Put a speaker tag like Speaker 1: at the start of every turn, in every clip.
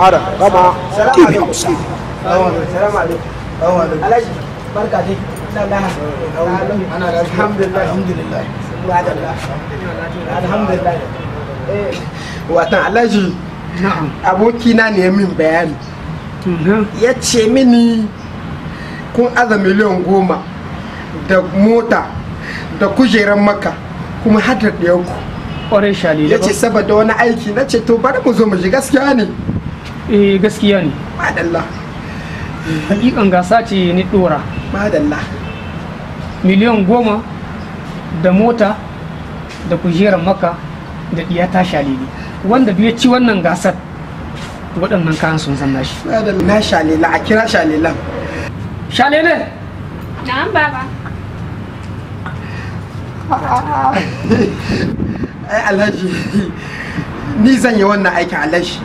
Speaker 1: haram gama tv hausa watan alhaji eh. abokina ne min bayani mhm. ya ce mini kun aza miliyan goma da mota da kujerar maka kuma hadar da yanku ya ce saboda wani aiki na ce to bari mu zo mu ji gaskiya ne eh gaskiya ne madalla hakikan gasa ce ni dora madalla miliyan goma da mota da kujerar maka da iya ta shalili wanda biya ci wannan gasar waɗannan kayan sun san nashi na shalela a kira shalelan shalele na'am baba ai alhaji ni zan yi wannan aikin alhaji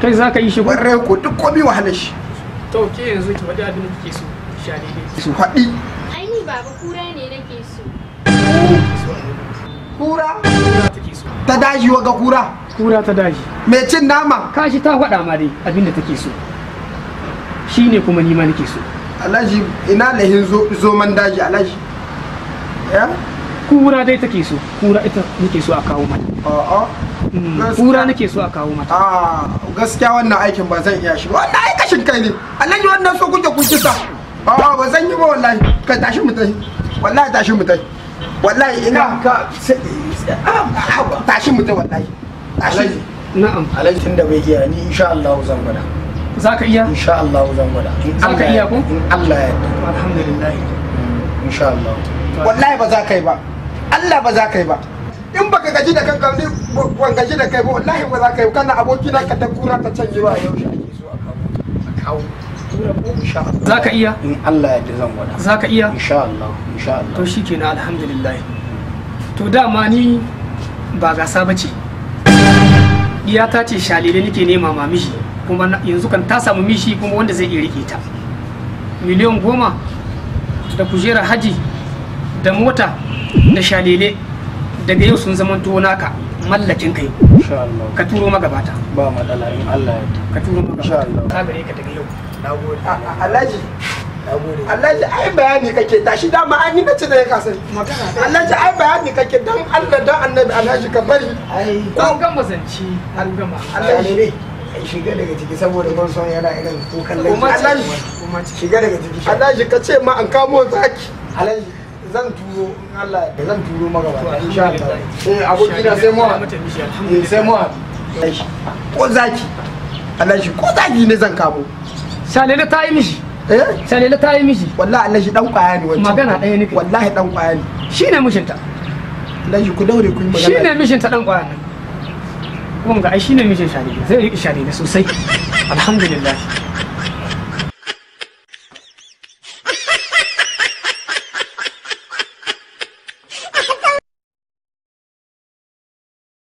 Speaker 1: kai za ka yi shi rai ko duk komi wahalar shi to ke yanzu ki faɗi abin da kike so sha daidai su faɗi ai ni baba kura ne nake so kura ta daji wa ga kura kura ta daji me cin nama kashi ta faɗa ma dai abin da take so shine kuma ni ma nake so alhaji ina lahin zoman daji alhaji kura dai take so kura ita nake so a kawo mata a'a kura nake so a kawo mata a ah, gaskiya wannan aikin ba zan iya shi wannan aikashin kai ne alhaji wannan so kuke kun sa. a ah, ba zan yi ba wallahi ka tashi mu tai wallahi tashi mu tai wallahi ina ka tashi mu tai wallahi tashi na'am alhaji tunda bai iya ni insha Allah zan gwada za ka iya insha Allah zan gwada za ka iya ko Allah ya alhamdulillah mm, insha Allah wallahi ba za ka yi ba Allah ba za ka yi ba in baka gaji da kanka ne ban gaji da kai ba wallahi ba za ka yi kana aboki na ka ta kura ta canje ba yau shi za ka iya in Allah ya zan wada za ka iya insha Allah insha Allah to shikenan alhamdulillah to dama ni ba gasa bace ta ce shalile nake nema ma mishi kuma yanzu kan ta samu mishi kuma wanda zai iya rike ta miliyan goma da kujerar haji da mota da shalile daga yau sun zama naka mallakin kai ka turo magabata ba matsala in Allah ya ka turo magabata ka gare ka daga yau nagode Allahji nagode Allahji ai bayani kake tashi dama an yi nace da ka san magana Allahji ai bayani kake dan Allah dan Annabi Allahji ka bari. ai Ko gama zance an gama. ne shiga daga ciki saboda ban son yana irin kukan lafiya. Alhaji shiga daga ciki. Alhaji ka ce ma an kamo zaki. Alhaji zan turo in Allah da zan turo maka ba insha Allah eh abokina sai mu eh sai mu ko zaki Allah shi ko zaki ne zan kamo salele ta yi mishi eh salele ta yi mishi wallahi Allah shi dan kwaya ne wancan magana ɗaya ne wallahi dan kwaya ne shine mishinta Allah shi ku daure ku yi magana shine mishinta dan kwaya ne kuma ga ai shine mishin salele zai riƙe salele sosai alhamdulillah